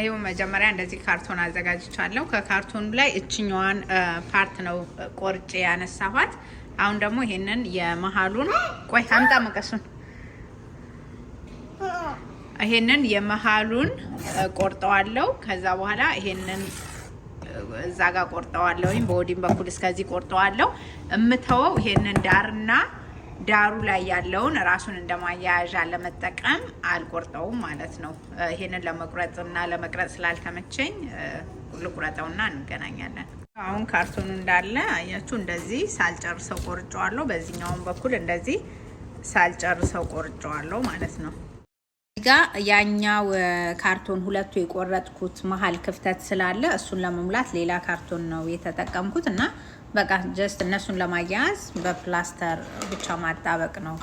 ይኸው መጀመሪያ እንደዚህ ካርቶን አዘጋጅቻለሁ። ከካርቶኑ ላይ እችኛዋን ፓርት ነው ቆርጬ ያነሳኋት። አሁን ደግሞ ይሄንን የመሀሉን ቆይ አምጣ መቀሱን ይሄንን የመሀሉን ቆርጠዋለሁ። ከዛ በኋላ ይሄንን እዛ ጋር ቆርጠዋለሁ። በወዲም በኩል እስከዚህ ቆርጠዋለሁ። እምተወው ይሄንን ዳርና ዳሩ ላይ ያለውን ራሱን እንደ ማያያዣ ለመጠቀም አልቆርጠውም ማለት ነው። ይሄንን ለመቁረጥ እና ለመቅረጽ ስላልተመቸኝ ልቁረጠውና እንገናኛለን። አሁን ካርቶኑ እንዳለ አያችሁ፣ እንደዚህ ሳልጨርሰው ቆርጬዋለሁ። በዚህኛውን በኩል እንደዚህ ሳልጨርሰው ቆርጬዋለሁ ማለት ነው። ጋ ያኛው ካርቶን ሁለቱ የቆረጥኩት መሀል ክፍተት ስላለ እሱን ለመሙላት ሌላ ካርቶን ነው የተጠቀምኩት እና በቃ ጀስት እነሱን ለማያያዝ በፕላስተር ብቻ ማጣበቅ ነው።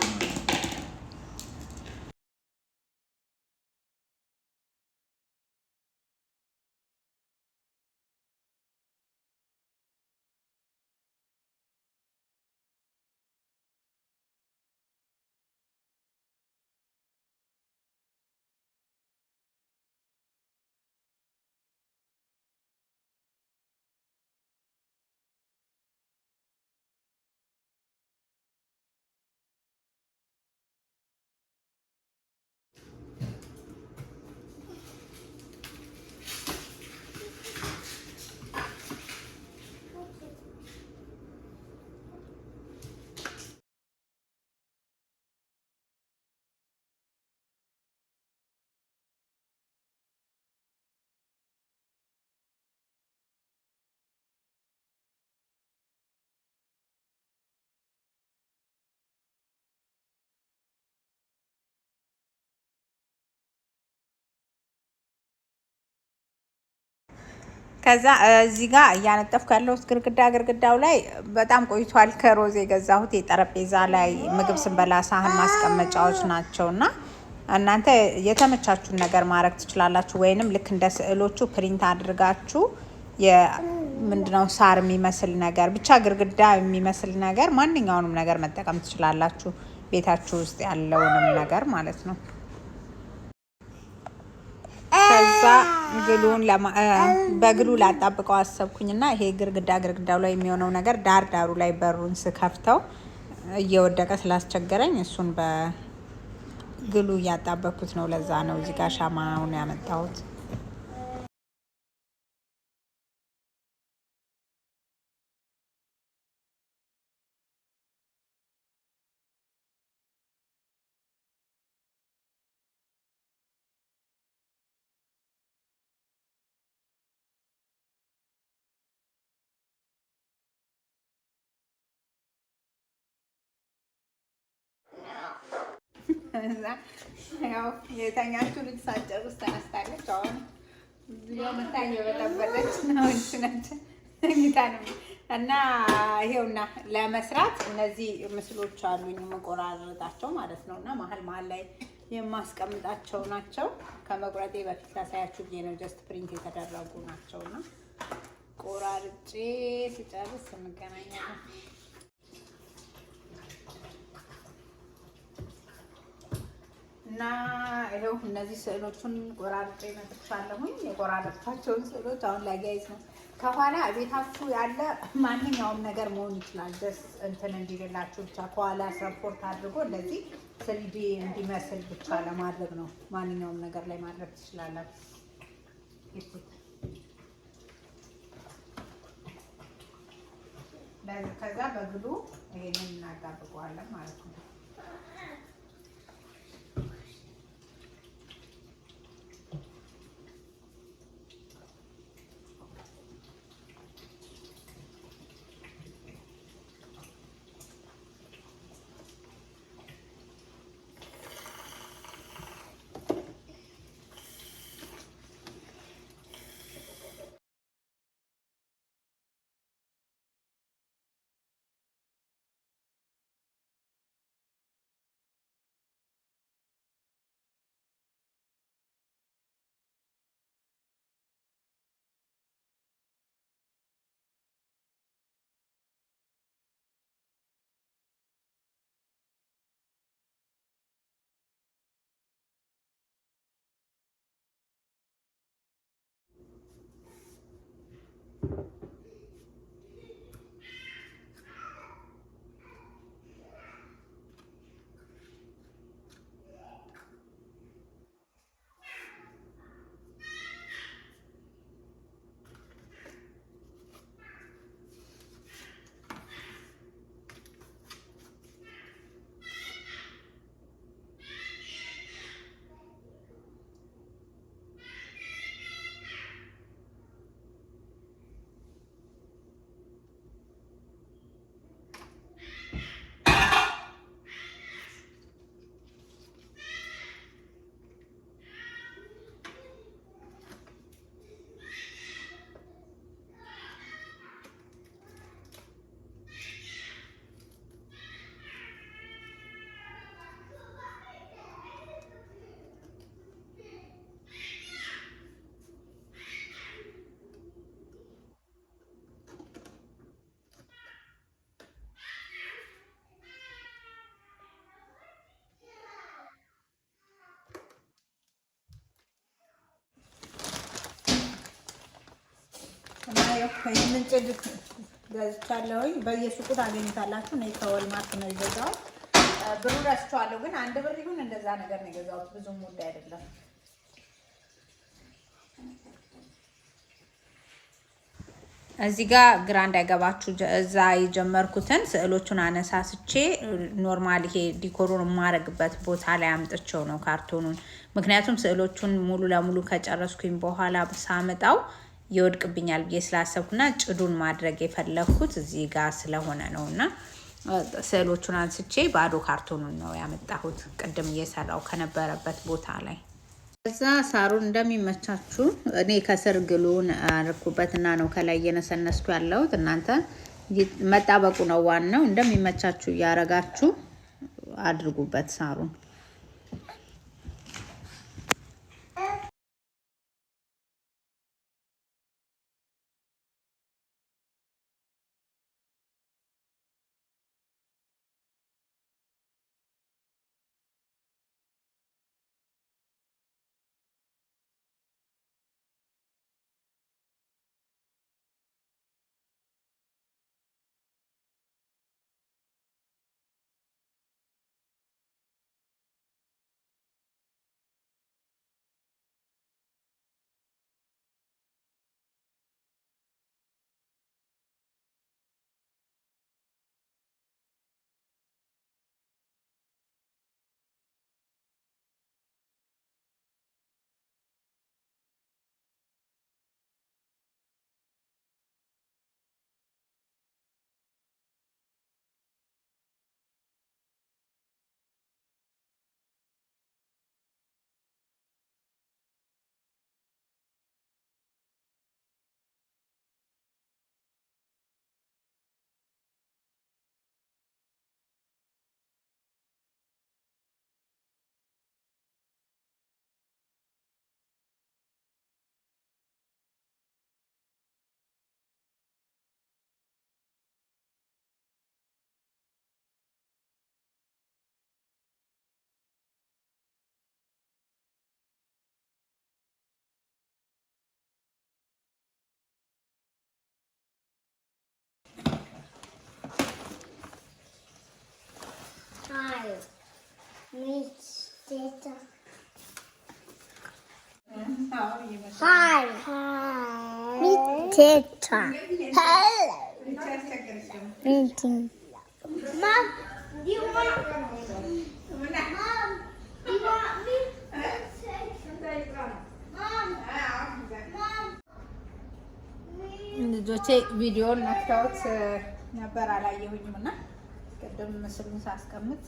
ከዛ እዚህ ጋር እያነጠፍኩ ያለሁት ግርግዳ ግርግዳው ላይ በጣም ቆይቷል። ከሮዝ የገዛሁት የጠረጴዛ ላይ ምግብ ስንበላ ሳህን ማስቀመጫዎች እና እናንተ የተመቻችሁን ነገር ማድረግ ትችላላችሁ። ወይንም ልክ እንደ ስዕሎቹ ፕሪንት አድርጋችሁ ምንድነው ሳር የሚመስል ነገር ብቻ ግርግዳ የሚመስል ነገር ማንኛውንም ነገር መጠቀም ትችላላችሁ። ቤታችሁ ውስጥ ያለውንም ነገር ማለት ነው። ከዛ ግሉን በግሉ ላጣብቀው አሰብኩኝና ይሄ ግርግዳ ግርግዳው ላይ የሚሆነው ነገር ዳር ዳሩ ላይ በሩን ስከፍተው እየወደቀ ስላስቸገረኝ እሱን በግሉ እያጣበኩት ነው። ለዛ ነው እዚጋ ሻማውን ያመጣሁት። እዛ ያው የተኛችሁ ልጅ ሳትጨርስ ተነስታለች። አሁን እዚያው መታኝ በጠበጠች ነውችነች ጌታን እና ይሄውና ለመስራት እነዚህ ምስሎች አሉኝ መቆራረጣቸው ማለት ነው። እና መሀል መሀል ላይ የማስቀምጣቸው ናቸው። ከመቁረጤ በፊት ላሳያችሁ ብዬ ነው። ጀስት ፕሪንት የተደረጉ ናቸውና ቆራርጬ ሲጨርስ እንገናኛለን። እና ይኸው እነዚህ ስዕሎቹን ቆራርጬ መጥቻለሁኝ። የቆራረጥኳቸውን ስዕሎች አሁን ላያይዝ ነው። ከኋላ ቤታችሁ ያለ ማንኛውም ነገር መሆን ይችላል። ደስ እንትን እንዲልላችሁ ብቻ ከኋላ ሰፖርት አድርጎ እንደዚህ ስሪዲ እንዲመስል ብቻ ለማድረግ ነው። ማንኛውም ነገር ላይ ማድረግ ትችላላችሁ። ከዛ በግሉ ይሄንን እናጣብቀዋለን ማለት ነው። ምንጭ ገዝቻለሁኝ። በየሱቁ ታገኙታላችሁ። እኔ ከወልማርት ነው የገዛሁት። ብሩ ረስቼዋለሁ፣ ግን አንድ ብር ይሁን እንደዛ ነገር ነው የገዛሁት። ብዙም ውድ አይደለም። እዚህ ጋር ግራ እንዳይገባችሁ እዛ የጀመርኩትን ስዕሎቹን አነሳስቼ ኖርማል ይሄ ዲኮሩን የማረግበት ቦታ ላይ አምጥቼው ነው ካርቶኑን። ምክንያቱም ስዕሎቹን ሙሉ ለሙሉ ከጨረስኩኝ በኋላ ሳመጣው ይወድቅብኛል ብዬ ስላሰብኩና ጭዱን ማድረግ የፈለግኩት እዚህ ጋር ስለሆነ ነው እና ስዕሎቹን አንስቼ ባዶ ካርቶኑን ነው ያመጣሁት ቅድም እየሰራው ከነበረበት ቦታ ላይ ከዛ ሳሩን እንደሚመቻችሁ እኔ ከስር ግሉን አርኩበትና ነው ከላይ እየነሰነስኩ ያለሁት እናንተ መጣበቁ ነው ዋናው እንደሚመቻችሁ እያረጋችሁ አድርጉበት ሳሩን ኬቻ ልጆቼ ቪዲዮን ነክተውት ነበር አላየሁኝም፣ እና ቅድም ምስሉን ሳስቀምጥ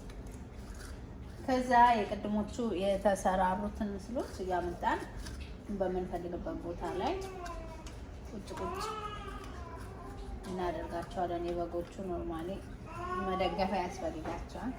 ከዛ የቅድሞቹ የተሰራሩትን ምስሎች እያመጣን በምንፈልግበት ቦታ ላይ ቁጭ ቁጭ እናደርጋቸዋለን። የበጎቹ ኖርማሊ መደገፍ ያስፈልጋቸዋል።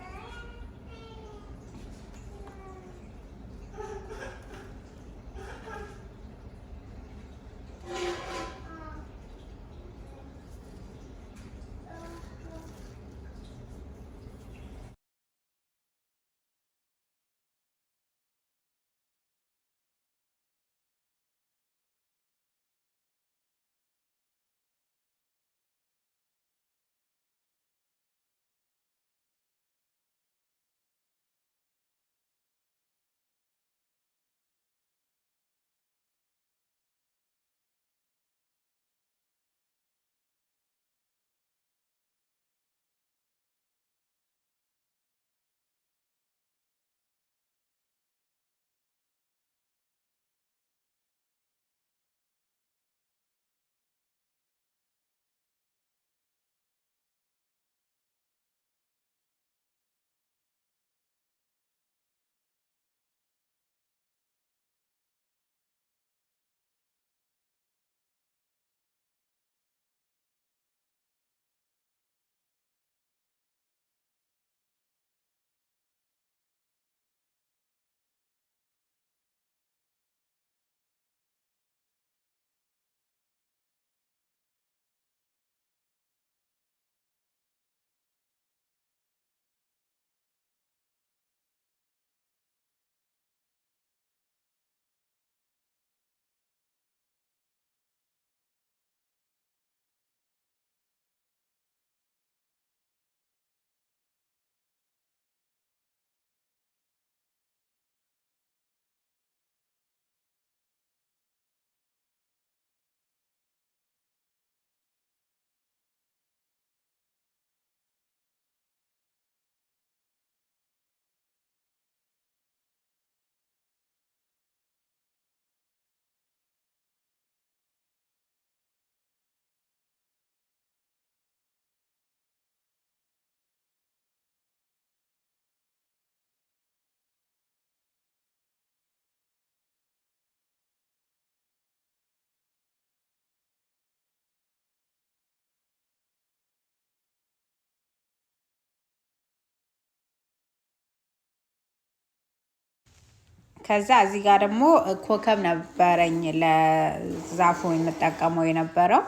ከዛ እዚህ ጋር ደግሞ ኮከብ ነበረኝ ለዛፉ የምጠቀመው የነበረው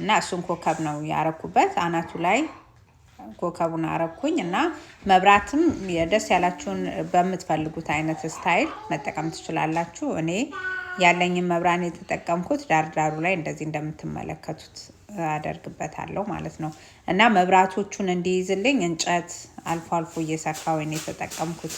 እና እሱን ኮከብ ነው ያረኩበት አናቱ ላይ ኮከቡን አረኩኝ እና መብራትም ደስ ያላችሁን በምትፈልጉት አይነት ስታይል መጠቀም ትችላላችሁ። እኔ ያለኝን መብራን የተጠቀምኩት ዳርዳሩ ላይ እንደዚህ እንደምትመለከቱት አደርግበታለሁ ማለት ነው እና መብራቶቹን እንዲይዝልኝ እንጨት አልፎ አልፎ ወይ የተጠቀምኩት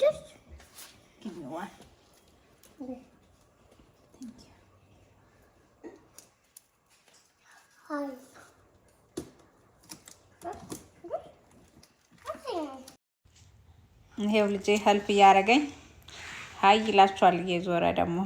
Just give me one. Thank you. Hi. ይሄው ልጄ ሄልፕ እያደረገኝ ሀይ ይላችኋል እየዞረ ደግሞ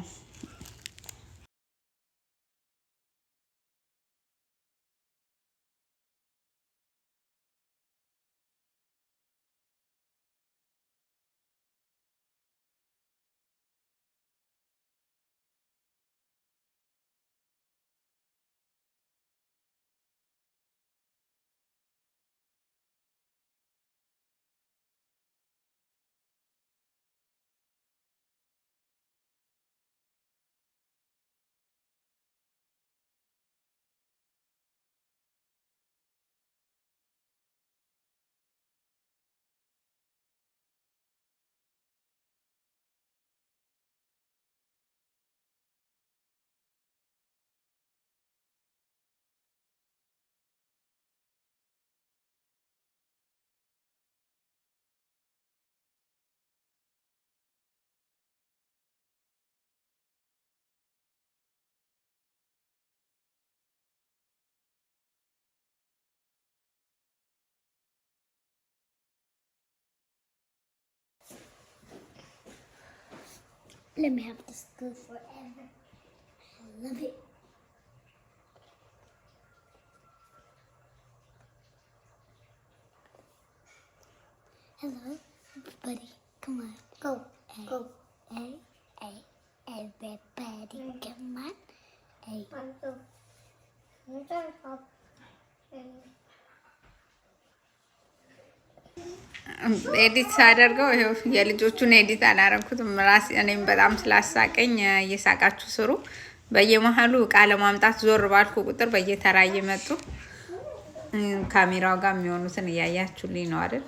Let me have this glue forever. I love it. Hello, everybody. Come on. Go. Hey, go. Hey, hey, everybody. Mm Come on. Hey. am so. I'm so. ኤዲት ሳደርገው የልጆቹን ኤዲት አላረኩትም። ራሴ እኔም በጣም ስላሳቀኝ እየሳቃችሁ ስሩ። በየመሀሉ እቃ ለማምጣት ዞር ባልኩ ቁጥር በየተራ እየመጡ ካሜራው ጋር የሚሆኑትን እያያችሁልኝ ነው አይደል?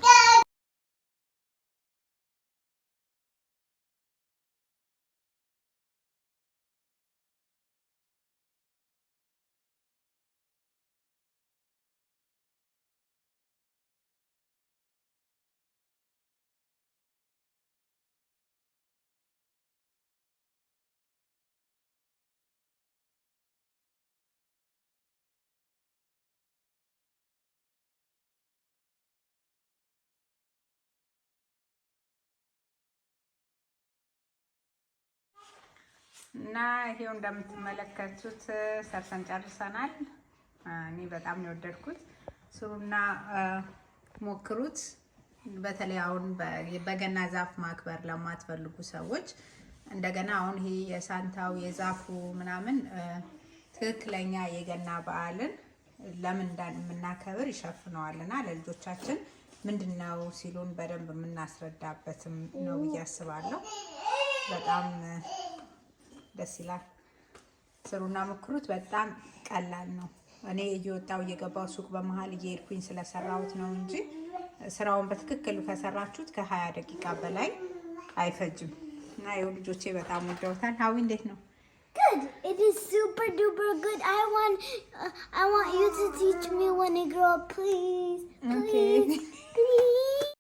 እና ይሄው እንደምትመለከቱት ሰርሰን ጨርሰናል። እኔ በጣም ነው የወደድኩት። ስሩና ሞክሩት። በተለይ አሁን በገና ዛፍ ማክበር ለማትፈልጉ ሰዎች እንደገና አሁን ይሄ የሳንታው የዛፉ ምናምን ትክክለኛ የገና በዓልን ለምን እንደምናከብር ይሸፍነዋል እና ለልጆቻችን ምንድን ነው ሲሉን በደንብ የምናስረዳበትም ነው ብዬ አስባለሁ በጣም ደስ ይላል። ስሩና ሞክሩት። በጣም ቀላል ነው። እኔ እየወጣው እየገባው ሱቅ በመሀል እየሄድኩኝ ስለሰራሁት ነው እንጂ ስራውን በትክክል ከሰራችሁት ከሀያ ደቂቃ በላይ አይፈጅም እና ይኸው ልጆቼ በጣም ወደውታል። ሀዊ እንዴት ነው? ኦኬ